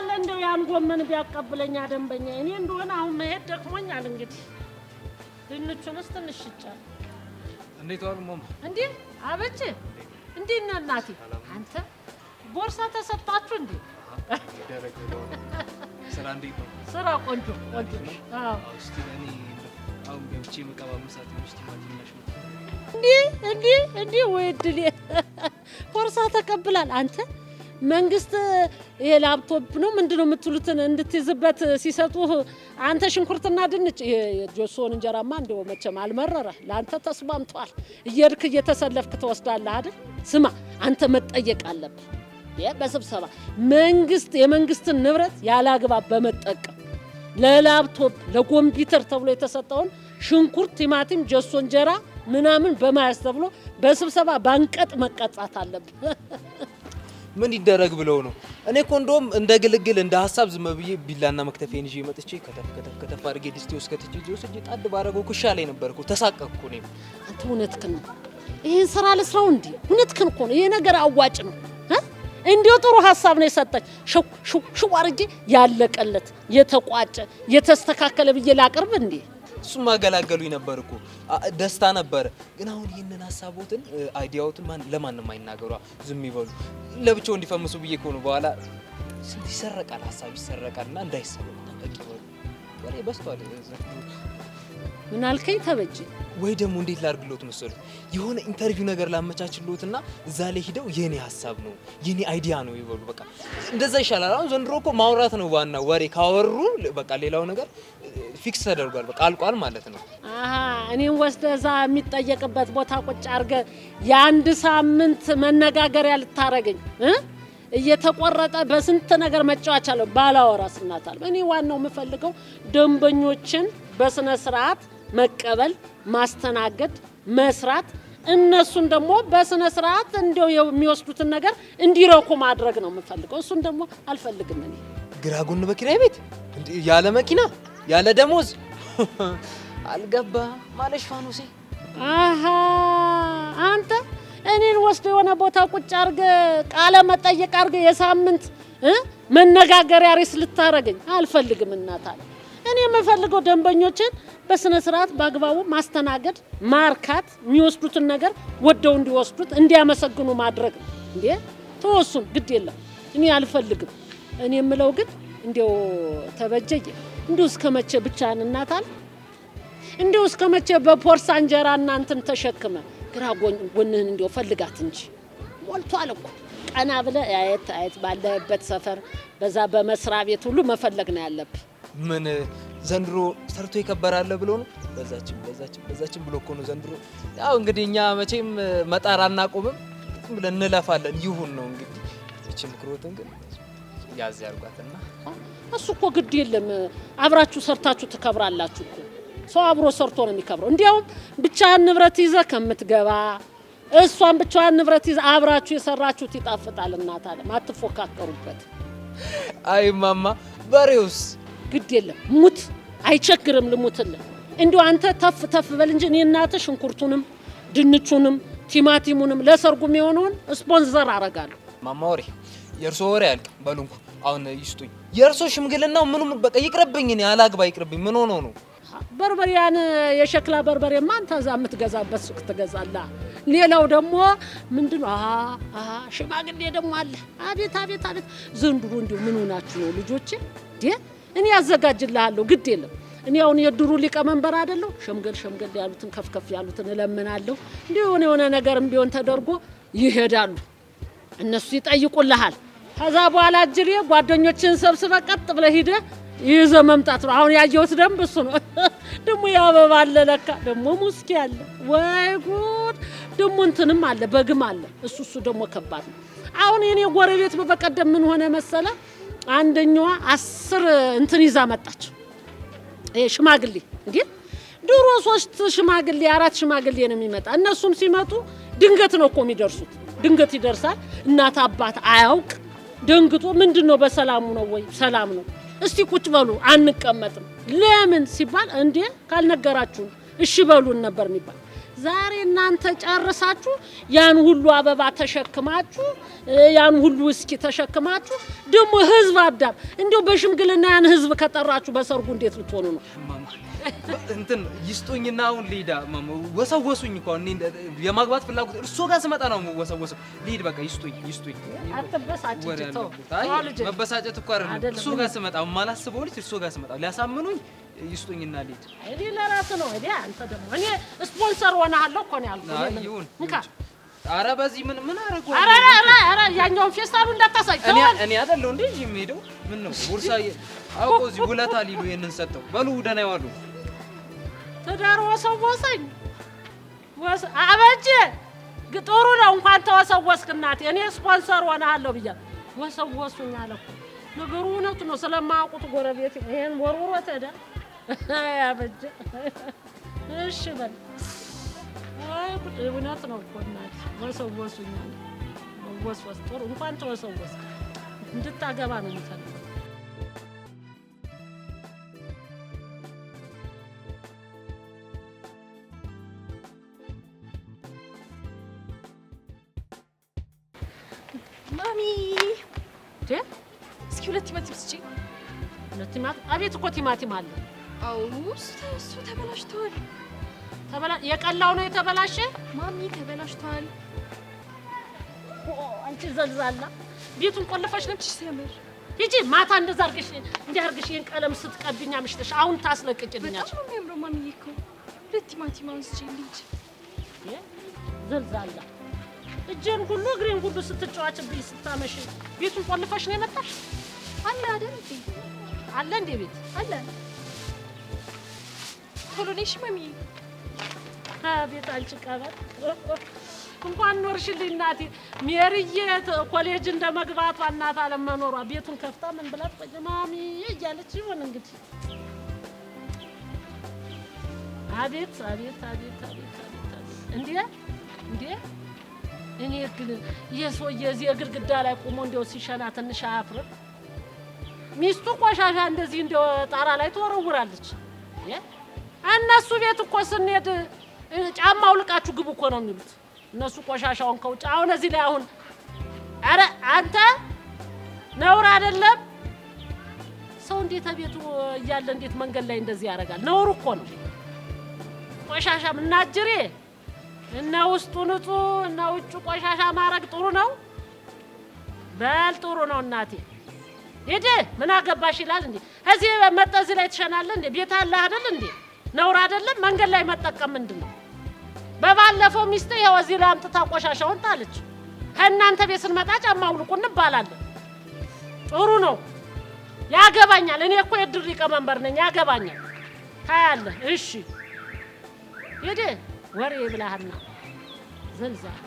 አለ እንደው ያን ጎመን ቢያቀብለኛ ደንበኛ እኔ እንደሆነ አሁን መሄድ ደክሞኛል። እንግዲህ ድንቹንስ ትንሽ ይጫል። እንዴት ዋሉ ሞም? እንዴ አበጭ፣ እንዴ ነህ እናቴ? አንተ ቦርሳ ተሰጣችሁ እንዴ? ስራ እንዴት ነው? ስራ ቆንጆ ቆንጆ። አዎ እስቲ ለኔ አሁን ገብቼ መቀባ ምሳት ውስጥ ማድረሽ ነው እንዴ? እንዴ እንዴ፣ ወይ እድሌ ቦርሳ ተቀብላል አንተ መንግስት ይሄ ላፕቶፕ ነው ምንድነው የምትሉትን እንድትይዝበት ሲሰጡ አንተ ሽንኩርትና ድንች ጆሶን እንጀራማ እንደው መቼም አልመረረ ለአንተ ተስማምቷል። እየሄድክ እየተሰለፍክ ትወስዳለህ አይደል? ስማ አንተ መጠየቅ አለብህ። በስብሰባ መንግስት የመንግስትን ንብረት ያለ በመጠቀም ለላፕቶፕ ለኮምፒውተር ተብሎ የተሰጠውን ሽንኩርት፣ ቲማቲም፣ ጀሶ እንጀራ ምናምን በማያዝ ተብሎ በስብሰባ ባንቀጥ መቀጣት አለብን። ምን ይደረግ ብለው ነው። እኔ እኮ እንደውም እንደ ግልግል እንደ ሀሳብ ዝም ብዬ ቢላና መክተፌን ይዤ መጥቼ ከተፍ ከተፍ ከተፍ አድርጌ ድስቴ ውስጥ ከትቼ ውስጥ ጣድ ባደረገው ኩሻ ላይ ነበርኩ። ተሳቀቅኩ። እኔም አንተ እውነትህን ነው። ይህን ስራ ልስራው እንዲ እውነትህን እኮ ነው። ይሄ ነገር አዋጭ ነው። እንዲሁ ጥሩ ሀሳብ ነው የሰጠች። ሽው አድርጌ ያለቀለት የተቋጨ የተስተካከለ ብዬ ላቅርብ እንዴ? እሱም ማገላገሉ ነበር እኮ ደስታ ነበረ። ግን አሁን ይህንን ሀሳቦትን አይዲያዎትን ለማንም አይናገሯ፣ ዝም ይበሉ፣ ለብቻው እንዲፈምሱ ብዬ ከሆኑ በኋላ ስንት ይሰረቃል፣ ሀሳብ ይሰረቃል። እና እንዳይሰበቅ ጠንቀቅ ይበሉ። ወሬ በስቷል። ምን አልከኝ? ተበጅ ወይ ደግሞ እንዴት ላድርግሎት መሰሉ የሆነ ኢንተርቪው ነገር ላመቻችሎትና እዛ ላይ ሂደው የኔ ሀሳብ ነው የኔ አይዲያ ነው ይበሉ። በቃ እንደዛ ይሻላል። አሁን ዘንድሮ እኮ ማውራት ነው ዋና ወሬ ካወሩ በቃ ሌላው ነገር ፊክስ ተደርጓል። በቃ አልቋል ማለት ነው። አሀ እኔም ወስደህ እዛ የሚጠየቅበት ቦታ ቁጭ አድርገህ የአንድ ሳምንት መነጋገሪያ ልታረገኝ እየተቆረጠ በስንት ነገር መጫወቻ አለው ባላወራ ስናታል። እኔ ዋናው የምፈልገው ደንበኞችን በስነ ስርዓት መቀበል፣ ማስተናገድ፣ መስራት እነሱን ደግሞ በስነ ስርዓት እንደው የሚወስዱትን ነገር እንዲረኩ ማድረግ ነው የምፈልገው። እሱን ደግሞ አልፈልግም። እኔ ግራ ጎን በኪራይ ቤት ያለ መኪና ያለ ደሞዝ አልገባ ማለሽ ፋኖሴ። አሀ አንተ እኔን ወስዶ የሆነ ቦታ ቁጭ አርገ ቃለ መጠየቅ አርገ የሳምንት መነጋገሪያ ርዕስ ልታረገኝ አልፈልግም። እናታለ እኔ የምፈልገው ደንበኞችን በስነ ስርዓት በአግባቡ ማስተናገድ፣ ማርካት፣ የሚወስዱትን ነገር ወደው እንዲወስዱት እንዲያመሰግኑ ማድረግ ነው። እንዴ ግድ የለም እኔ አልፈልግም። እኔ የምለው ግን እንዲው ተበጀየ እንዲሁ እስከ መቼ ብቻህን እናታል? እንዲሁ እስከ መቼ በፖርሳ እንጀራ እናንትን ተሸክመ ግራ ጎንህን እንዲሁ ፈልጋት እንጂ ሞልቷል እኮ። ቀና ብለ አየት አየት ባለህበት ሰፈር በዛ በመስሪያ ቤት ሁሉ መፈለግ ነው ያለብህ። ምን ዘንድሮ ሰርቶ ይከበራል ብሎ ነው በዛችን በዛችን በዛችን ብሎ እኮ ነው ዘንድሮ። ያው እንግዲህ እኛ መቼም መጣር አናቆምም ብለን እንለፋለን። ይሁን ነው እንግዲህ ይቺ ምክሮትን ግን ያዝ ያርጓትና እሱ እኮ ግድ የለም አብራችሁ ሰርታችሁ ትከብራላችሁ እኮ ሰው አብሮ ሰርቶ ነው የሚከብረው። እንዲያውም ብቻህን ንብረት ይዘህ ከምትገባ እሷን ብቻዋን ንብረት ይዘህ አብራችሁ የሰራችሁት ይጣፍጣል። እናት አለም አትፎካከሩበት። አይ ማማ በሬውስ ግድ የለም ሙት አይቸግርም። ልሙትልህ እንዲሁ አንተ ተፍ ተፍ በል እንጂ እኔ እናትህ ሽንኩርቱንም ድንቹንም ቲማቲሙንም ለሰርጉም የሆነውን ስፖንሰር አረጋለሁ። ማማ ወሬ የእርሶ ወሬ አያልቅም። በሉንኩ አሁን ይስጡኝ። የእርሶ ሽምግልናው ምኑም በቃ ይቅርብኝ፣ እኔ አላግባ ይቅርብኝ። ምን ሆኖ ነው? በርበሬያን የሸክላ በርበሬ ማን ታዛ የምትገዛበት ሱቅ ትገዛላ። ሌላው ደግሞ ምንድን ሽማግሌ ደግሞ አለ። አቤት አቤት አቤት! ዘንድሮ እንዲሁ ምን ሆናችሁ ነው ልጆቼ? እኔ ያዘጋጅልሃለሁ፣ ግድ የለም እኔ አሁን የድሩ ሊቀመንበር አይደለሁ። ሸምገል ሸምገል ያሉትን ከፍከፍ ያሉትን እለምናለሁ። እንዲሁ የሆነ የሆነ ነገርም ቢሆን ተደርጎ ይሄዳሉ። እነሱ ይጠይቁልሃል። ከዛ በኋላ እጅሬ ጓደኞችን ሰብስበ ቀጥ ብለ ሂደ ይዞ መምጣት ነው። አሁን ያየሁት ደንብ እሱ ነው። ደሞ የአበባ አለ ለካ ደሞ ሙስኪ አለ። ወይ ጉድ! ደሞ እንትንም አለ በግም አለ። እሱ እሱ ደሞ ከባድ ነው። አሁን የኔ ጎረቤት በበቀደም ምን ሆነ መሰለ፣ አንደኛዋ አስር እንትን ይዛ መጣች። ሽማግሌ እንዴ ድሮ ሶስት ሽማግሌ አራት ሽማግሌ ነው የሚመጣ። እነሱም ሲመጡ ድንገት ነው እኮ የሚደርሱት። ድንገት ይደርሳል። እናት አባት አያውቅ ደንግጦ ምንድን ነው በሰላሙ ነው ወይ? ሰላም ነው። እስቲ ቁጭ በሉ አንቀመጥም። ለምን ሲባል እንዴ ካልነገራችሁ እሺ በሉን ነበር የሚባል ዛሬ እናንተ ጨርሳችሁ ያን ሁሉ አበባ ተሸክማችሁ ያን ሁሉ እስኪ ተሸክማችሁ ደግሞ ህዝብ አዳም እንዲሁ በሽምግልና ያን ህዝብ ከጠራችሁ በሰርጉ እንዴት ልትሆኑ ነው? እንትን ይስጡኝና አሁን ሊዳ ወሰወሱኝ እኮ የማግባት ፍላጎት እርሶ ጋር ስመጣ ነው ወሰወሱ። ሊድ በቃ ይስጡኝ፣ ይስጡኝ። አትበሳጭ። መበሳጨት እኮ አይደለም። እርሶ ጋር ስመጣ ማላስበው ልጅ እርሶ ጋር ስመጣ ሊያሳምኑኝ ይስጡኝና ልሂድ። እኔ ለራስህ ነው። እኔ አንተ ደግሞ እኔ ስፖንሰር ሆነሀለሁ እኮ ነው ያልኩህ። ይሁን ኧረ በዚህ ምን ምን አደረገው? ኧረ ኧረ ኧረ ያኛውን ፌስታሉ እንዳታሳይ። እኔ አይደለሁ እንዴ የሚሄደው? ምን ነው ቦርሳ አውቆ እዚህ ውለታ ሊሉ ይሄንን ሰጠው። በሉ ደህና ይዋሉ። ትዳር ወሰወሰኝ። አበጀ ጥሩ ነው እንኳን ተወሰወስክ እናቴ። እኔ ስፖንሰር ሆነሀለሁ ብያለሁ። ወሰወሱኝ አለ እኮ ነገሩ። እውነቱ ነው ስለማያውቁት ጎረቤት ይሄን ወርውሮ ትሄዳለህ ያበጀ እሺ በል እውነት ነው እኮ እናቴ ወሰወሱኛል። ወስወስ ጥሩ እንኳን ተወሰወስ እንድታገባ ነው የሚፈልገው። ማሚ እስኪ ሁለት ቲማቲም ስጪ። ሁለት ቲማቲም? አቤት እኮ ቲማቲም አለ እሱ ተበላሽቷል። የቀላው ነው የተበላሸ። ማሚ ተበላሽቷል። አንቺ ዘልዛላ ቤቱን ቆልፈሽ ነች ሲያምር ሂጂ። ማታ እንደዛ አድርገሽ እንዲህ አድርገሽ ይሄን ቀለም ስትቀብኝ አምሽተሽ አሁን ታስለቅቂልኛል። በጣም ነው የሚያምረው ማሚዬ እኮ ሁለት ቲማቲም አንስቼልሽ። ዘልዛላ እጄን ሁሉ እግሬን ሁሉ ስትጫዋችብኝ ስታመሽ ቤቱን ቆልፈሽ ነው የመጣሽ። አለ አይደል? አለ እንደ ቤት አለ ነሽ ማሚ። አቤት አልጭቀበት እንኳን ኖርሽልኝ እናቴ። ሜሪዬ ኮሌጅ እንደ መግባቷ እናት አለመኖሯ ቤቱን ከፍታ ምን ብላ ማሚ እያለች ይሆን እንግዲህ። አቤት አቤት አቤት አቤት እንዴ እንዴ! እኔ ግን የሰውዬ እዚህ ግድግዳ ላይ ቆሞ እንደው ሲሸና ትንሽ አያፍርም? ሚስቱ ቆሻሻ እንደዚህ እንዲያው ጣራ ላይ ትወረውራለች። እነሱ ቤት እኮ ስንሄድ ጫማ አውልቃችሁ ግቡ እኮ ነው የሚሉት እነሱ ቆሻሻውን ከውጭ። አሁን እዚህ ላይ አሁን ኧረ አንተ ነውር አይደለም። ሰው እንዴት ቤቱ እያለ እንዴት መንገድ ላይ እንደዚህ ያደርጋል? ነውር እኮ ነው። ቆሻሻ ምናጅሬ እነ ውስጡ ንጹህ እነ ውጩ ቆሻሻ ማድረግ ጥሩ ነው። በል ጥሩ ነው እናቴ ሂድ። ምን አገባሽ ይላል እንዴ? እዚህ መጠ እዚህ ላይ ትሸናለህ እንዴ? ቤት አለ አይደል እንዴ? ነውር አይደለም። መንገድ ላይ መጠቀም ምንድን ነው? በባለፈው ሚስት ይኸው እዚህ ላይ አምጥታ ቆሻሻውን ጣለች። ከእናንተ ቤት ስንመጣ ጫማ አውልቁ እንባላለን። ጥሩ ነው ያገባኛል። እኔ እኮ የድር ሊቀመንበር ነኝ። ያገባኛል ታያለህ። እሺ ሂድ ወሬ ብላህና ዘልዛል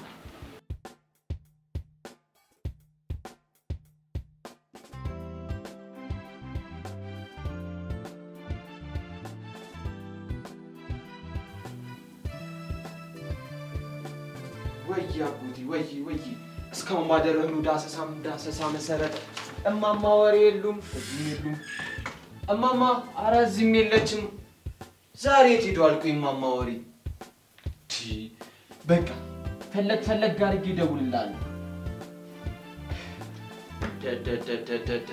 ወይ አጎቴ ወይ ወይ እስካሁን ማደረህኑ ዳሰሳም ዳሰሳ መሰረት እማማ ወሬ የሉም እዚህም የሉም። እማማ አረ እዚህም የለችም። ዛሬ የት ሄደው አልኩኝ። እማማ ወሬ በቃ ፈለግ ፈለግ ጋር ይደውልላል። ደደደደደደ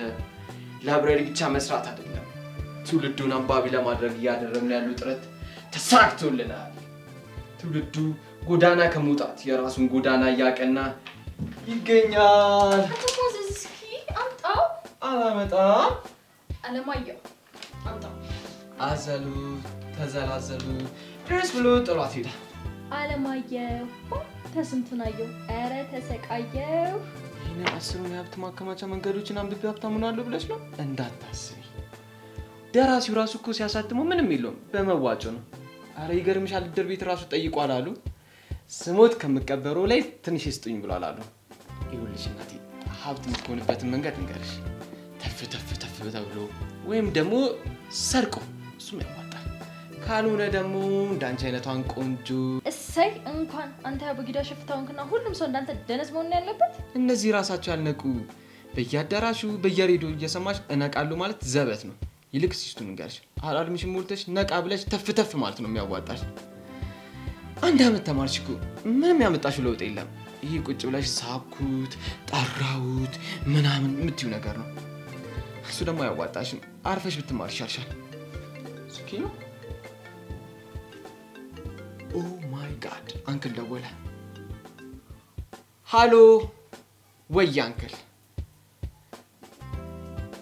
ላይብረሪ ብቻ መስራት አይደለም ትውልዱን አንባቢ ለማድረግ እያደረግን ያሉ ጥረት ተሳክቶልናል። ትውልዱ ጎዳና ከመውጣት የራሱን ጎዳና እያቀና ይገኛል። እስኪ አምጣው። አላመጣም። አለማየሁ አምጣው። አዘሉ ተዘላዘሉ ደስ ብሎ ጥሏት ሄዳ አለማየሁ ተስንቱን አየሁ። ኧረ ተሰቃየሁ። ይህን አስሩን የሀብት ማከማቻ መንገዶችን አንብቤ ሀብታም ሆናለሁ ብለሽ ነው? እንዳታስቢ። ደራሲው ራሱ እኮ ሲያሳትመው ምንም የለውም፣ በመዋጮ ነው። አረ ይገርምሻል፣ እድር ቤት ራሱ ጠይቋል አሉ ስሞት ከምቀበረው ላይ ትንሽ ስጡኝ ብሏል አሉ። ይኸውልሽ እናቴ ሀብት የምትሆንበትን መንገድ እንገርሽ፣ ተፍ ተፍ ተፍ ተብሎ ወይም ደግሞ ሰርቆ እሱም ያዋጣል። ካልሆነ ደግሞ እንዳንቺ አይነቷን ቆንጆ እሰይ እንኳን አንተ በጊዳ ሽፍታውንክና ሁሉም ሰው እንዳንተ ደነዝ መሆን ያለበት እነዚህ ራሳቸው ያልነቁ በየአዳራሹ በየሬዲዮ እየሰማሽ እነቃሉ ማለት ዘበት ነው። ይልቅ ሲስቱ ንገርሽ፣ አላልምሽ ሞልተሽ ነቃ ብለሽ ተፍ ተፍ ማለት ነው የሚያዋጣሽ። አንድ አመት ተማርሽ እኮ ምንም ያመጣሽው ለውጥ የለም። ይሄ ቁጭ ብላሽ ሳብኩት ጠራሁት ምናምን የምትዩ ነገር ነው። እሱ ደግሞ አያዋጣሽም። አርፈሽ ብትማር ይሻልሻል። ስኪ ነው። ኦ ማይ ጋድ! አንክል ደወለ። ሃሎ ወይ አንክል።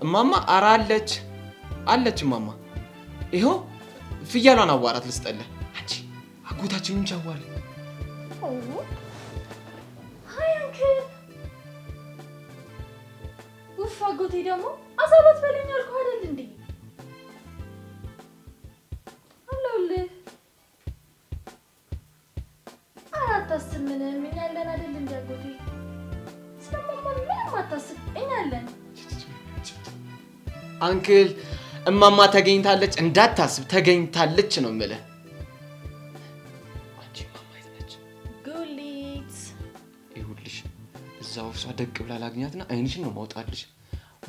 እማማ አራለች አለች አለች። እማማ ይኸው ፍየሏን አዋራት ልስጠለን አጎታችንን ቻዋል። አንክል ውፍ አጎቴ ደግሞ አሳባት በለኝ አይደል እንዴ? አለሁልህ። ኧረ አታስብ ምንም እኛ አለን አይደል እንዴ አጎቴ። ስለማማ ምንም አታስብ እኛ አለን። አንክል እማማ ተገኝታለች፣ እንዳታስብ ተገኝታለች ነው የምልህ ውሷ ደቅ ብላ ላግኛትና አይንሽን ነው ማውጣልሽ።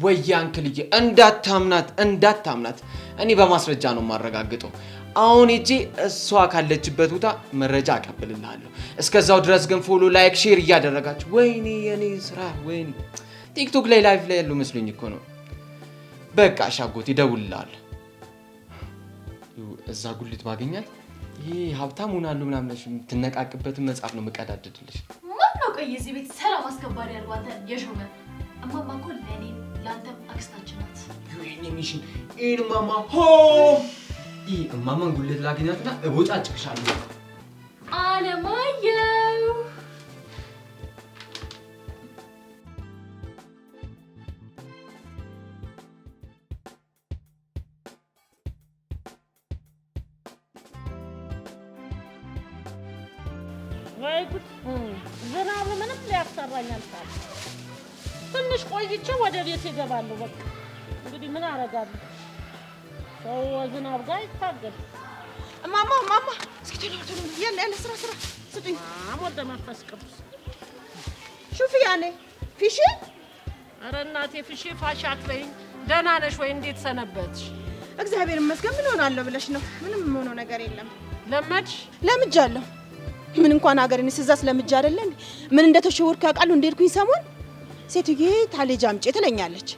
ወያ አንክልዬ፣ እንዳታምናት እንዳታምናት። እኔ በማስረጃ ነው የማረጋግጠው። አሁን እጂ እሷ ካለችበት ቦታ መረጃ አቀብልልሃለሁ። እስከዛው ድረስ ግን ፎሎ፣ ላይክ፣ ሼር እያደረጋችሁ ወይኔ የኔ ስራ ወይኔ። ቲክቶክ ላይ ላይፍ ላይ ያለው መስሎኝ እኮ ነው። በቃ ሻጎት እደውልልሃለሁ። እዛ ጉሊት ባገኛት ይሄ ሀብታም ሆናለሁ ምናምን ብለሽ የምትነቃቅበትን መጽሐፍ ነው የምቀዳድድልሽ። ማናውቀ የዚህ ቤት ሰላም አስከባሪ ያርባተ የሾመ እማማ እኮ ለእኔ ለአንተም አክስታችን ናት። ሚሽን ይህን እማማ ሆ ይህ እማማን ጉልት ላገኛትና እቦጫ እቦጫጭቅሻለሁ አለማየው ወይጉድ ዝናቡ ምንም ሊያሰራኝ አልቻለም። ትንሽ ቆይቼ ወደ ቤት ይገባለሁ። በቃ እንግዲህ ምን አደርጋለሁ? ሰው ዝናብ ጋር ይታገል። እማማ እማማ፣ እስኪ ያለ ያለ ስራ ስራ ስጡኝ። ወልደ መንፈስ ቅዱስ ሹፍ ያኔ ፊሽ። ኧረ እናቴ ፊሽ ፋሽ አትበይኝ። ደህና ነሽ ወይ? እንዴት ሰነበትሽ? እግዚአብሔር ይመስገን። ምን ሆናለሁ ብለሽ ነው? ምንም ሆኖ ነገር የለም። ለመድሽ? ለምጃለሁ ምን እንኳን ሀገርን ስዛ ስለምጃ አይደለም ምን እንደተሸወርኩ ያውቃሉ። እንደሄድኩኝ ሰሞን ሴትዬ ታሌጅ አምጪ ትለኛለች።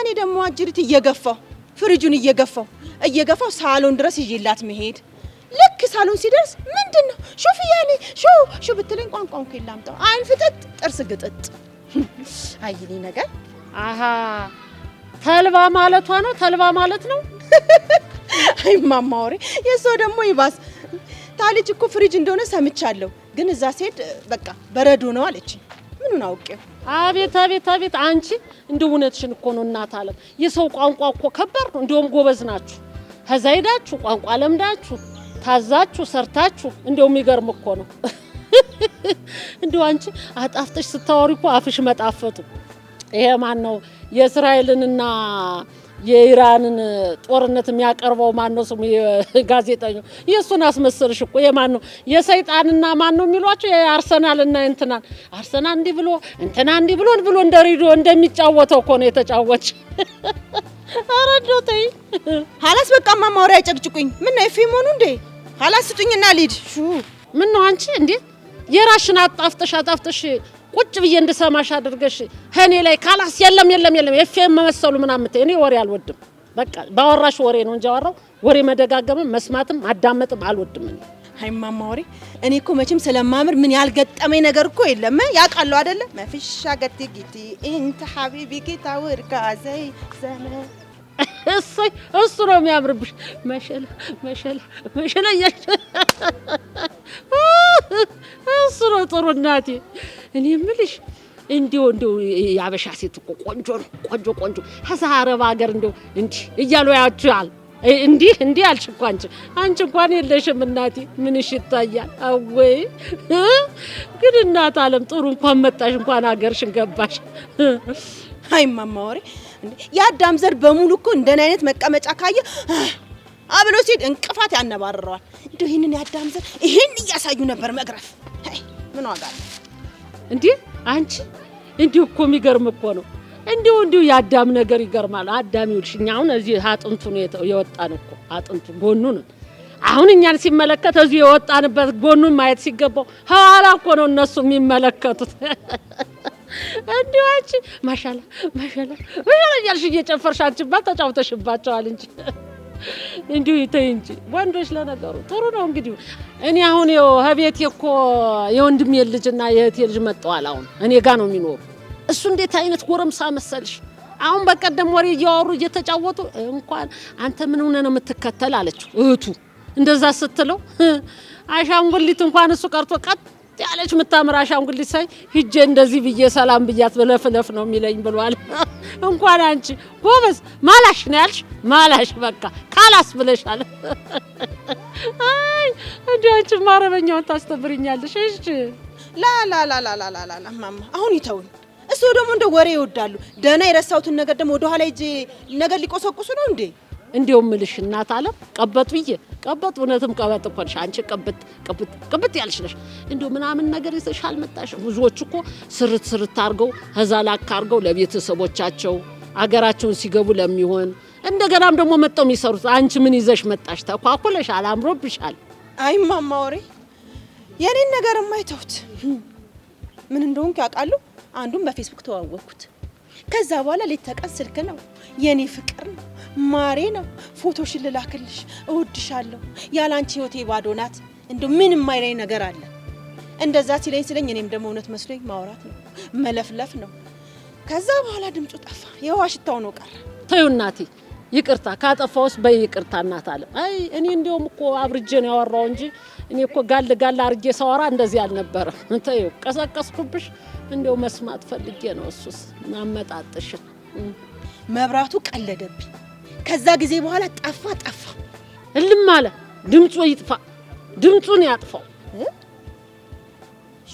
እኔ ደግሞ አጅሪት እየገፋው ፍሪጁን እየገፋው እየገፋው ሳሎን ድረስ ይዤላት መሄድ ልክ ሳሎን ሲደርስ ምንድን ነው ሹፍ እያለ ሹ ሹ ብትለኝ ቋንቋውን የላምጠው አይን ፍጥጥ ጥርስ ግጥጥ። አይኔ ነገር አሀ ተልባ ማለቷ ነው። ተልባ ማለት ነው። አይማማ ወሬ የሰው ደግሞ ይባስ ልጅ እኮ ፍሪጅ እንደሆነ ሰምቻለሁ፣ ግን እዛ ሴት በቃ በረዶ ነው አለች። ምኑን አውቄው? አቤት አቤት አቤት! አንቺ እንደ እውነትሽን እኮ ነው እናት አለም። የሰው ቋንቋ እኮ ከባድ ነው። እንደውም ጎበዝ ናችሁ፣ ከዛ ሄዳችሁ ቋንቋ ለምዳችሁ ታዛችሁ ሰርታችሁ። እንደውም የሚገርም እኮ ነው። እንደው አንቺ አጣፍጥሽ ስታወሪ እኮ አፍሽ መጣፈጡ ይሄ ማን ነው የእስራኤልንና የኢራንን ጦርነት የሚያቀርበው ማን ነው ስሙ ጋዜጠኛው? የእሱን አስመሰልሽ እኮ የማን ነው የሰይጣንና ማን ነው የሚሏቸው የአርሰናል የአርሰናልና እንትናን አርሰናል እንዲህ ብሎ እንትና እንዲህ ብሎን ብሎ እንደ ሬዲዮ እንደሚጫወተው እኮ ነው የተጫወች። ኧረ እንደው ተይ ሀላስ በቃ ማማወሪያ ጨቅጭቁኝ። ምን ነው የፊልም ሆኑ እንዴ? ሀላስ ስጡኝና ሊድ ምን ነው አንቺ እንዴ የራሽን አጣፍጠሽ አጣፍጠሽ ቁጭ ብዬ እንድሰማሽ አድርገሽ ከእኔ ላይ ካላስ የለም የለም የለም ኤፍኤም መመሰሉ ምናምን እኔ ወሬ አልወድም። በቃ ባወራሽ ወሬ ነው እንጂ አወራው ወሬ መደጋገምም መስማትም አዳመጥም አልወድም። እኔ ሃይማማ ወሬ እኔ እኮ መቼም ስለማምር ምን ያልገጠመኝ ነገር እኮ የለም። ያውቃለሁ አይደለ መፍሻ ገቲ ጊቲ ኢንተ ሀቢቢ ጌታ ወርቃ ዘይ ዘመን እሰይ እሱ ነው የሚያምርብሽ። መሸለ መሸለ መሸለ እያልሽ እሱ ነው ጥሩ። እናቴ እኔ የምልሽ እንዲሁ እንዲሁ የአበሻ ሴት እኮ ቆንጆ ነው ቆንጆ ቆንጆ ከዛ አረብ ሀገር እንዲሁ እንዲህ እያሉ ያችኋል። እንዲህ እንዲህ አልሽ እኮ አንቺ አንቺ እንኳን የለሽም እናቴ፣ ምንሽ ይታያል። አወይ ግን እናት አለም ጥሩ እንኳን መጣሽ፣ እንኳን ሀገርሽን ገባሽ። አይ እማማ ወሬ የአዳም ዘር በሙሉ እኮ እንደኔ አይነት መቀመጫ ካየ አብሎ ሲሄድ እንቅፋት ያነባርረዋል። እንዲ ይህንን የአዳም ዘር ይህን እያሳዩ ነበር መግረፍ ምን ዋጋ አለ አንቺ እንዲሁ እኮ የሚገርም እኮ ነው። እንዲሁ እንዲሁ የአዳም ነገር ይገርማል። አዳም ይኸውልሽ፣ እኛ አሁን እዚህ አጥንቱ ነው የወጣን እኮ አጥንቱ ጎኑ አሁን እኛን ሲመለከት እዚህ የወጣንበት ጎኑን ማየት ሲገባው ኋላ እኮ ነው እነሱ የሚመለከቱት። እንዲች ማሻላ ማሻላ ማሻላ እያልሽ እየጨፈርሽ አንቺማ ተጫውተሽባቸዋል እንጂ እንዲሁ ተይ እንጂ ወንዶች ለነገሩ ጥሩ ነው። እንግዲህ እኔ አሁን ይኸው ከቤቴ እኮ የወንድሜ ልጅና የእህቴ ልጅ መጠዋል። አሁን እኔ ጋ ነው የሚኖሩ። እሱ እንዴት አይነት ጎረምሳ መሰልሽ! አሁን በቀደም ወሬ እያወሩ እየተጫወቱ እንኳን አንተ ምን ሆነ ነው የምትከተል አለችው እህቱ እንደዛ ስትለው አሻንጉሊት እንኳን እሱ ቀርቶ ቀጥ ያለች የምታምር አሻንጉሊት ሳይ ሂጄ እንደዚህ ብዬ ሰላም ብያት በለፍለፍ ነው የሚለኝ ብሏል። እንኳን አንቺ ጎበዝ ማላሽ ነው ያልሽ፣ ማላሽ በቃ ካላስ ብለሻል። አይ እንዲህ አንቺማ አረበኛውን ታስተምርኛለሽ። እሺ ላላላላላላ ማማ አሁን ይተውን እሱ ደግሞ እንደ ወሬ ይወዳሉ። ደህና የረሳሁትን ነገር ደግሞ ወደኋላ ሂጄ ነገር ሊቆሰቁሱ ነው እንዴ? እንዲው ምልሽ እናት አለም ቀበጥ ብዬ ቀበጥ እውነትም ቀበጥ እኮ ነሽ አንቺ። ቅብጥ ቅብጥ ቅብጥ ያልሽ ነሽ እንዲሁ ምናምን ነገር ይዘሽ አልመጣሽ። ብዙዎች እኮ ስርት ስርት አርገው ከዛ ላክ አድርገው ለቤተሰቦቻቸው አገራቸውን ሲገቡ ለሚሆን እንደገናም ደግሞ መጠው የሚሰሩት። አንቺ ምን ይዘሽ መጣሽ? ተኳኩለሻል፣ አምሮብሻል። አይ ወሬ የኔን ነገር የማይተውት ምን እንደሆንኩ ያውቃሉ። አንዱን በፌስቡክ ተዋወቅኩት። ከዛ በኋላ ሌት ተቀን ስልክ ነው የኔ ፍቅር ነው ማሬ ነው። ፎቶሽን ልላክልሽ። እወድሻለሁ። ያላንቺ ህይወቴ ባዶ ናት። እንዲ ምን የማይለኝ ነገር አለ? እንደዛ ሲለኝ ስለኝ እኔም ደግሞ እውነት መስሎኝ ማውራት ነው መለፍለፍ ነው። ከዛ በኋላ ድምፁ ጠፋ። የውሃ ሽታው ነው ቀረ። ተዩ እናቴ ይቅርታ ካጠፋውስ በይ ይቅርታ እናት አለ። አይ እኔ እንዲሁም እኮ አብርጄ ነው ያወራው እንጂ እኔ እኮ ጋል ጋል አርጌ ሳወራ እንደዚህ አልነበረም። ተዩ ቀሰቀስኩብሽ። እንዲሁ መስማት ፈልጌ ነው እሱስ ማመጣጥሽ። መብራቱ ቀለደብኝ። ከዛ ጊዜ በኋላ ጠፋ ጠፋ እልም አለ። ድምፁ ይጥፋ፣ ድምፁን ያጥፋው።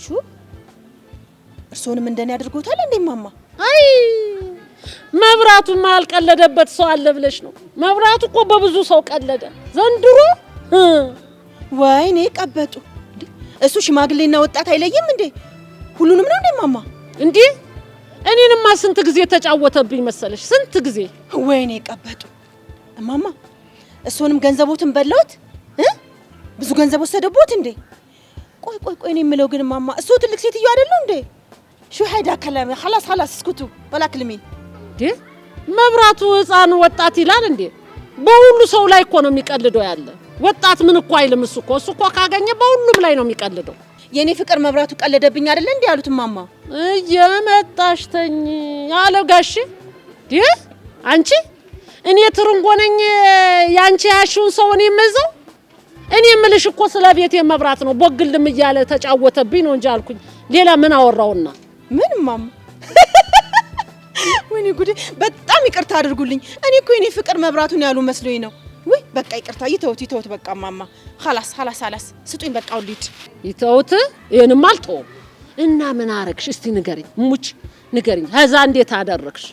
ሹ እርሶንም እንደኔ አድርጎታል እንዴ ማማ? አይ መብራቱማ ያልቀለደበት ሰው አለ ብለሽ ነው? መብራቱ እኮ በብዙ ሰው ቀለደ ዘንድሮ። ወይኔ ቀበጡ! እሱ ሽማግሌና ወጣት አይለይም እንዴ? ሁሉንም ነው እንዴ ማማ? እንዴ እኔንማ ስንት ጊዜ ተጫወተብኝ መሰለሽ? ስንት ጊዜ ወይኔ ቀበጡ! እማማ እሱንም ገንዘቦትን በላሁት። ብዙ ገንዘብ ወሰደቦት እንዴ? ቆይ ቆይ ቆይ፣ እኔ የምለው ግን እማማ እሱ ትልቅ ሴትዮ አይደሉ እንዴ? ሹ ሄዳ ከላም خلاص خلاص እስኩቱ ወላክልሚ ዲ መብራቱ ህፃን ወጣት ይላል እንዴ? በሁሉ ሰው ላይ እኮ ነው የሚቀልደው ያለ ወጣት ምን እኮ አይልም። እሱ እኮ እሱ እኮ ካገኘ በሁሉም ላይ ነው የሚቀልደው። የእኔ ፍቅር መብራቱ ቀለደብኝ አይደለ እንዴ ያሉት እማማ። እየመጣሽ ተኝ አለ ጋሽ ዲ አንቺ እኔ ትርንጎ ነኝ ያንቺ ያሽውን ሰው እኔ የምይዘው እኔ የምልሽ እኮ ስለ ቤቴ መብራት ነው። ቦግልም እያለ ተጫወተብኝ ነው እንጂ አልኩኝ። ሌላ ምን አወራውና ምን ማም ወይኔ ጉዴ! በጣም ይቅርታ አድርጉልኝ። እኔ እኮ የኔ ፍቅር መብራቱን ያሉ መስሎኝ ነው። ውይ በቃ ይቅርታ። ይተውት ይተውት። በቃ ማማ ሀላስ ሀላስ ሀላስ ስጡኝ። በቃ ውሊድ ይተውት። ይህንም አልተውም እና ምን አረግሽ? እስቲ ንገሪኝ ሙች፣ ንገሪኝ። ከዛ እንዴት አደረግሽ?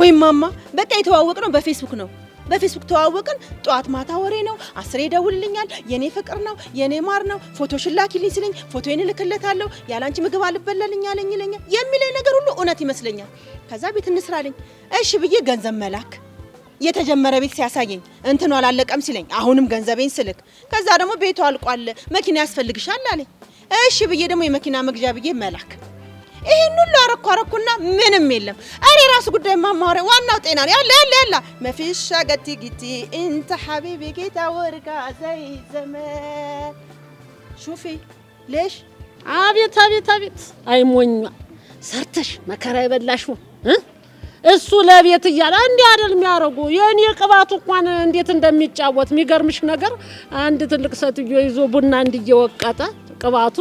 ወይ ማማ በቃ የተዋወቅ ነው በፌስቡክ ነው በፌስቡክ ተዋወቅን። ጠዋት ማታ ወሬ ነው። አስሬ ደውልልኛል። የኔ ፍቅር ነው የኔ ማር ነው ፎቶ ሽላኪልኝ ፎቶ ፎቶዬን እልክለታለሁ። ያላንቺ ምግብ አልበላለኝ አለኝ ይለኛል። የሚለኝ ነገር ሁሉ እውነት ይመስለኛል። ከዛ ቤት እንስራልኝ እሺ ብዬ ገንዘብ መላክ የተጀመረ ቤት ሲያሳየኝ እንትኑ አላለቀም ሲለኝ አሁንም ገንዘቤን ስልክ፣ ከዛ ደግሞ ቤቱ አልቋል መኪና ያስፈልግሻል አለኝ። እሺ ብዬ ደግሞ የመኪና መግዣ ብዬ መላክ ይሄን ሁሉ አረኩ አረኩና ምንም የለም። እኔ ራሱ ጉዳይ ማማረ ዋናው ጤና ነው። ያለ ያለ ያለ መፊሻ ገቲ ግቲ እንተ ሐቢቢ ጌታ ወርጋ ዘይ ዘመን ሹፊ ሌሽ አቤት አቤት አቤት አይሞኝ ሰርተሽ መከራ የበላሽው እሱ ለቤት እያለ እንዲህ አይደል የሚያደርጉ የእኔ ቅባቱ እንኳን እንዴት እንደሚጫወት የሚገርምሽ ነገር አንድ ትልቅ ሴትዮ ይዞ ቡና እንዲየወቀጠ ቅባቱ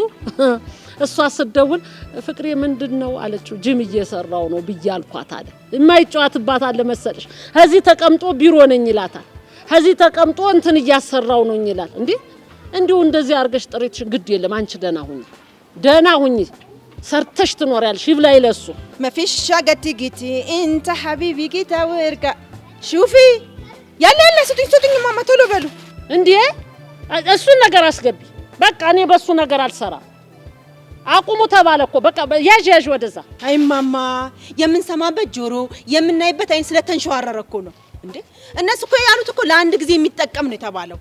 እሷ ስደውል ፍቅሬ ምንድን ነው አለችው። ጅም እየሰራው ነው ብዬ አልኳት አለ። የማይጨዋትባት አለ መሰለሽ። እዚህ ተቀምጦ ቢሮ ነኝ ይላታል። እዚህ ተቀምጦ እንትን እያሰራው ነው ይላል። እንዴ እንዲሁ እንደዚህ አድርገሽ ጥሪትሽን ግድ የለም አንቺ ደህና ሁኚ፣ ደህና ሁኚ ሰርተሽ ትኖሪያለሽ። ላይ ለሱ መፊሻ ሻገቲ ጊቲ እንተ ሀቢቢ ጌታ ወርጋ ሹፊ ያለ ያለ ስጡኝ ስጡኝ፣ ማማ ቶሎ በሉ እንዴ እሱን ነገር አስገቢ። በቃ እኔ በሱ ነገር አልሰራም። አቁሙ ተባለ እኮ በቃ ያዥ ያዥ ወደዛ። አይማማ የምንሰማበት ጆሮ የምናይበት አይን ስለተንሸዋረረ እኮ ነው እንዴ። እነሱ እኮ ያሉት እኮ ለአንድ ጊዜ የሚጠቀም ነው የተባለው።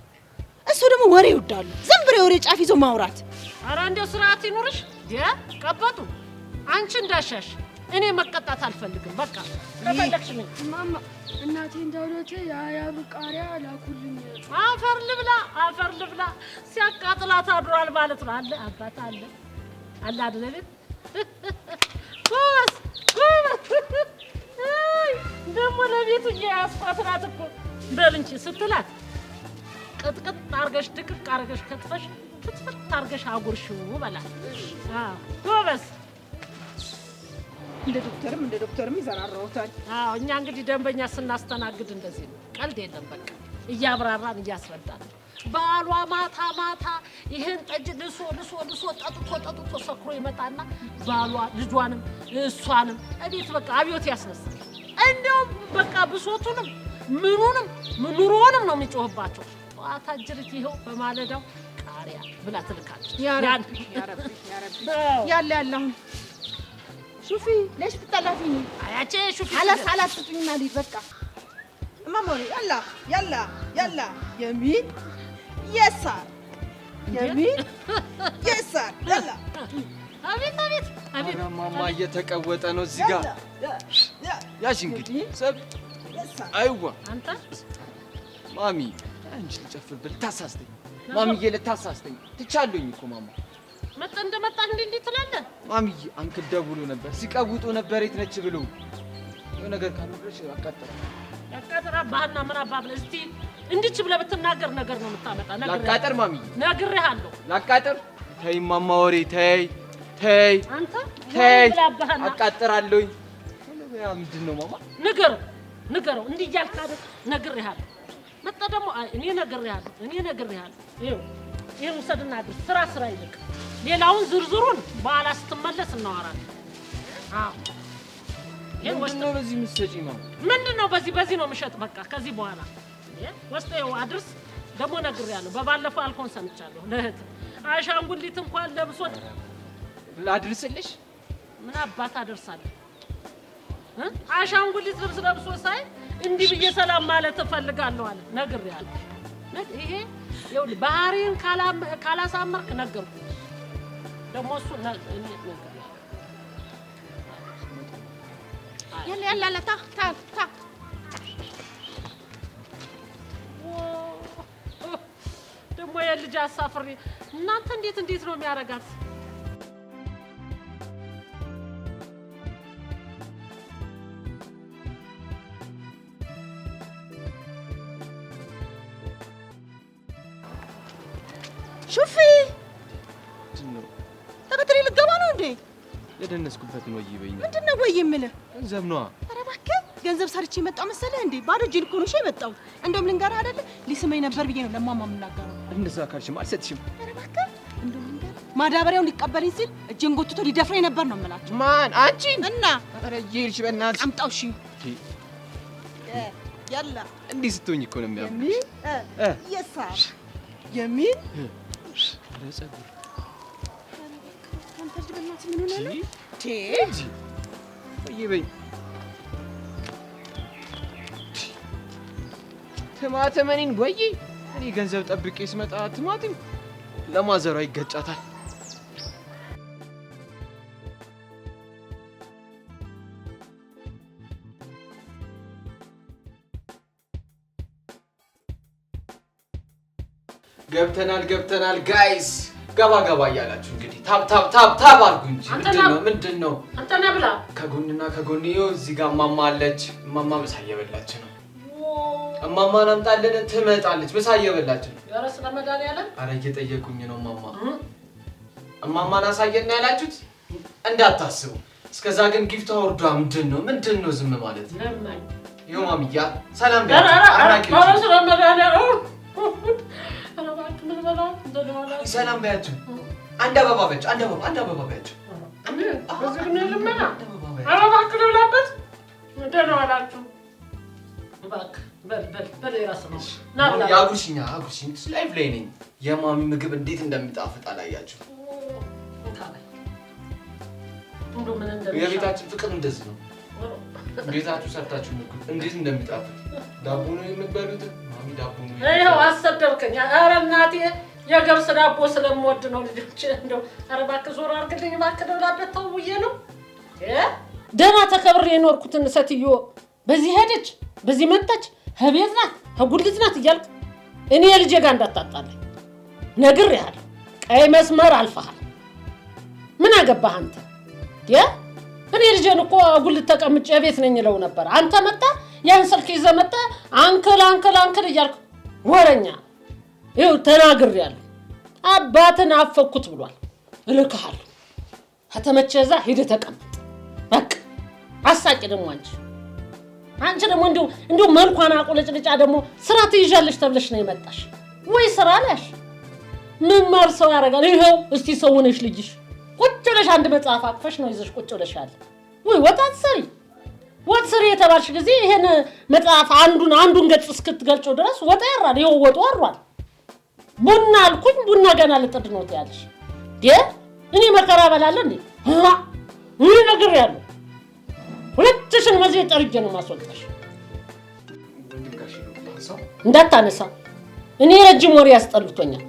እሱ ደግሞ ወሬ ይወዳሉ። ዝም ብሎ ወሬ ጫፍ ይዞ ማውራት። ኧረ እንደው ስርዓት ይኑርሽ ቀበጡ። አንቺ እንዳሻሽ እኔ መቀጣት አልፈልግም። በቃ ተፈለግሽ ነኝ ማማ እናቴ እንዳውሎት ያያሉ ቃሪያ ላኩልኝ። አፈር ልብላ፣ አፈር ልብላ ሲያቃጥላት አድሯል ማለት ነው። አለ አባት አለ አለ አይደል ቤት ጎበዝ ጎበዝ። ደግሞ ለቤቱ የያዝኳት ናት እኮ በል ስትላት ቅጥቅጥ አድርገሽ ድቅቅ አድርገሽ ከጥፈሽ ፍትፍት አድርገሽ አጉርሺው በላት። ጎበዝ። እንደ ዶክተርም እንደ ዶክተርም ይዘራረውታል። እኛ እንግዲህ ደንበኛ ስናስተናግድ እንደዚህ ነው፣ ቀልድ የለም። በቃ እያብራራን እያስረዳን ባሏ ማታ ማታ ይህን ጠጅ ልሶ ልሶ ልሶ ጠጥቶ ጠጥቶ ሰክሮ ይመጣና ባሏ ልጇንም እሷንም እቤት በቃ አብዮት ያስነሳል። እንደውም በቃ ብሶቱንም ምኑንም ኑሮንም ነው የሚጮህባቸው። ጠዋት አጅርት ይኸው በማለዳው ቃሪያ ብላ ትልካለች። ያለ ያለሁን ሹፊ ለሽ ትጠላፊኝ አያቼ ሹፊ አላት አላት ትጡኝና ልሂድ በቃ እማማ ያላ ያላ ያላ የሚል Yes, sir. የሚል የስ አቤት አቤት አቤት ማማ እየተቀወጠ ነው እዚህ ጋር ያሽ እንግዲህ ሰብ አይዋ አንተ ማሚ አንቺ ማሚዬ ልታሳስተኝ ትቻለኝ እኮ ማማ መጣ እንደመጣ እንዴ እንዴ ትላለህ ማሚዬ አንክል ደውሎ ነበር ሲቀውጡ ነበር የት ነች ብሎ ነገር ባህና ምን እስቲ እንዲች ብለህ ብትናገር ነገር ነው የምታመጣ። ላቃጥር ማሚ ነግሬሃለሁ። ላቃጥር ተይ፣ እማማ ወሬ ተይ፣ ተይ፣ አንተ ተይ፣ አቃጥራለሁኝ። ምንድን ነው ማማ? ንገረው፣ ንገረው እንዲህ እያልክ አይደል? ነግሬሃለሁ። መጣ ደግሞ እኔ ነግሬሃለሁ፣ እኔ ነግሬሃለሁ። ይኸው ይሄን ውሰድና አድርግ። ስራ ስራ ይልቅ ሌላውን ዝርዝሩን በኋላ ስትመለስ እናወራለን። አዎ ምንድን ነው በዚህ የምትሰጪኝ? ማማ ምንድን ነው በዚህ በዚህ ነው የምሸጥ። በቃ ከዚህ በኋላ ወስጠው አድርስ። ደግሞ ነግሬያለሁ። በባለፈው አልኮን ሰምቻለሁ። ለእህት አሻንጉሊት እንኳን ለብሶት ላድርስልሽ። ምን አባት አደርሳለሁ? አሻንጉሊት ልብስ ለብሶ ሳይ እንዲህ ብዬ ሰላም ማለት እፈልጋለሁ አለ። ነግሬያለሁ። ይሄ ይኸውልህ፣ ባህሪን ካላሳመርክ ነገርኩ። ደግሞ እሱ ያለ ያለ ታ ታ ታ ልጅ አሳፍሬ እናንተ እንዴት እንዴት ነው የሚያደርጋት? ሹፌ ተከትሌ ልገባ ነው እንዴ? የደነስኩበት ወይ ምንድን ነው ወይ የምልህ? ገንዘብ ነዋ። ኧረ እባክህ ገንዘብ ሰርቼ የመጣው መሰለህ እንዴ? ባዶ እጄን እኮ ነው የመጣሁት። እንደውም ልንገርህ አይደለ ሊስመኝ ነበር ብዬ ነው ለማማ የምናገረው እንደዛ ካልሽም አልሰጥሽም። ማዳበሪያውን ሊቀበልኝ ሲል እጄን ጎትቶ ሊደፍረኝ ነበር ነው የምላቸው። ማን? አንቺ እና ረጅልሽ በእናትሽ አምጣው። ያላ እንዲህ ስትሆኝ እኮ ነው የሚያምር። የሳር የሚል ጸጉር ከንፈር ወይ እኔ ገንዘብ ጠብቄ ስመጣ ቲማቲም ለማዘሯ ይገጫታል። ገብተናል ገብተናል ጋይስ ገባ ገባ እያላችሁ እንግዲህ ታብ ታብ ታብ ታብ አድርጉ እንጂ ምንድን ነው ከጎንና ከጎን ይኸው እዚህ ጋር እማማ አለች እማማ ምሳ እየበላች ነው እማማ ናምጣለን ትመጣለች። ምሳ እየበላች ነው። ኧረ ስለ መድኃኒዓለም ኧረ እየጠየቁኝ ነው። እማማ እማማን አሳየን ያላችሁት? እንዳታስቡ። እስከዛ ግን ጊፍት አውርዷ ምንድን ነው ምንድን ነው ዝም ማለት ነው? ይኸው ማሚያ ሰላም ሰላም በያቸው። አንድ አበባ በያቸው። አንድ አበባ አንድ አበባ በያቸው። እባክህ በል አጉርሽኝ ላይፍ ላይ ነኝ። የማሚ ምግብ እንዴት እንደሚጣፍጥ አላያችሁ? የቤታችን ፍቅር እንደዚህ ነው። ቤታችሁ ሰርታችሁ ምግብ እንዴት እንደሚጣፍጥ ዳቦ ነው የምትበሉት። ማሚ ዳቦ ነው። ይኸው አሰደብከኝ። ኧረ እናቴ የገብስ ዳቦ ስለምወድ ነው ልጆች። እንደው ኧረ እባክህ ዞር አድርግልኝ እባክህ። ደውላለሁ ተው ብዬ ነው ደህና ተከብሬ የኖርኩትን ሴትዮ በዚህ ሄደች በዚህ መጣች። ከቤት ናት ከጉልት ናት እያልክ እኔ የልጄ ጋር እንዳታጣለኝ ያህል ቀይ መስመር አልፈሃል። ምን አገባህ አንተ? እኔ ልጄን እኮ ጉልት ተቀምጬ ቤት ነኝ ይለው ነበር። አንተ መጣ ያን ስልክ ይዘህ መጣ አንክል አንክል አንክል ወረኛ። ይኸው አባትን አፈኩት ብሏል። እልክሃለሁ ከተመቸህ እዛ ሂደህ በቃ አሳቂ ደግሞ አንቺ አንቺ ደግሞ እንዲሁ እንዲሁ መልኳን አቁልጭልጫ ደግሞ ስራ ትይዣለሽ ተብለሽ ነው የመጣሽ ወይ ስራ ምን ማር ሰው ያደርጋል። ይኸው እስቲ ሰው ነሽ ልጅሽ ቁጭ ብለሽ አንድ መጽሐፍ አቅፈሽ ነው ይዘሽ ቁጭ ብለሽ ያለ ወይ ወጣት ሰሪ ወጥ ስሪ የተባልሽ ጊዜ ይሄን መጽሐፍ አንዱን አንዱን ገጽ እስክትገልጪው ድረስ ወጣ ያራል። ይኸው ወጡ አሯል። ቡና አልኩኝ ቡና ገና ልጥድ ነው ትያለሽ። እኔ መከራ በላለ እንዴ? ነገር ነግሬያለሁ ሁለትሽን በዚህ ጠርጄ ነው ማስወጣሽ። እንዳታነሳ እኔ ረጅም ወሬ ያስጠልቶኛል።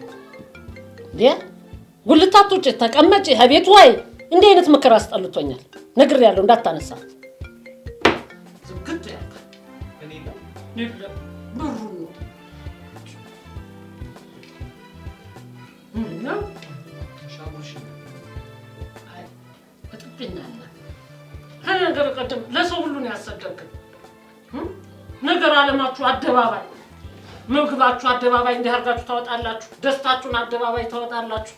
ጉልታቶች ተቀመጭ ከቤት ወይ እንዲህ አይነት ምክር አስጠልቶኛል። ነግር ያለው እንዳታነሳ። ምንድነው? ከነገር ቀደም ለሰው ሁሉ ነው ያሰደግን። ነገር አለማችሁ አደባባይ፣ ምግባችሁ አደባባይ እንዲያርጋችሁ ታወጣላችሁ። ደስታችሁን አደባባይ ታወጣላችሁ።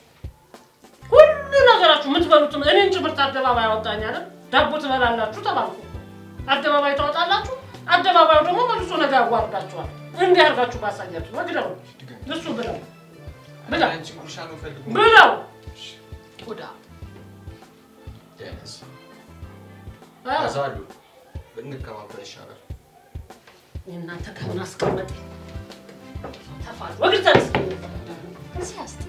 ሁሉ ነገራችሁ የምትበሉትም እኔን ጭምርት አደባባይ አወጣኝ አይደል? ዳቦ ትበላላችሁ ተባልኩ፣ አደባባይ ታወጣላችሁ። አደባባዩ ደግሞ መልሶ ነገር ያዋርዳችኋል። እንዲህ አርጋችሁ ባሳያችሁ ወግደው እሱ ብለው ብለው ብለው አዛሉ ብንከባበር ይሻላል። እናንተ ከምን አስቀመጠኝ ተፋ ወግርተስ እዚህ አስጥ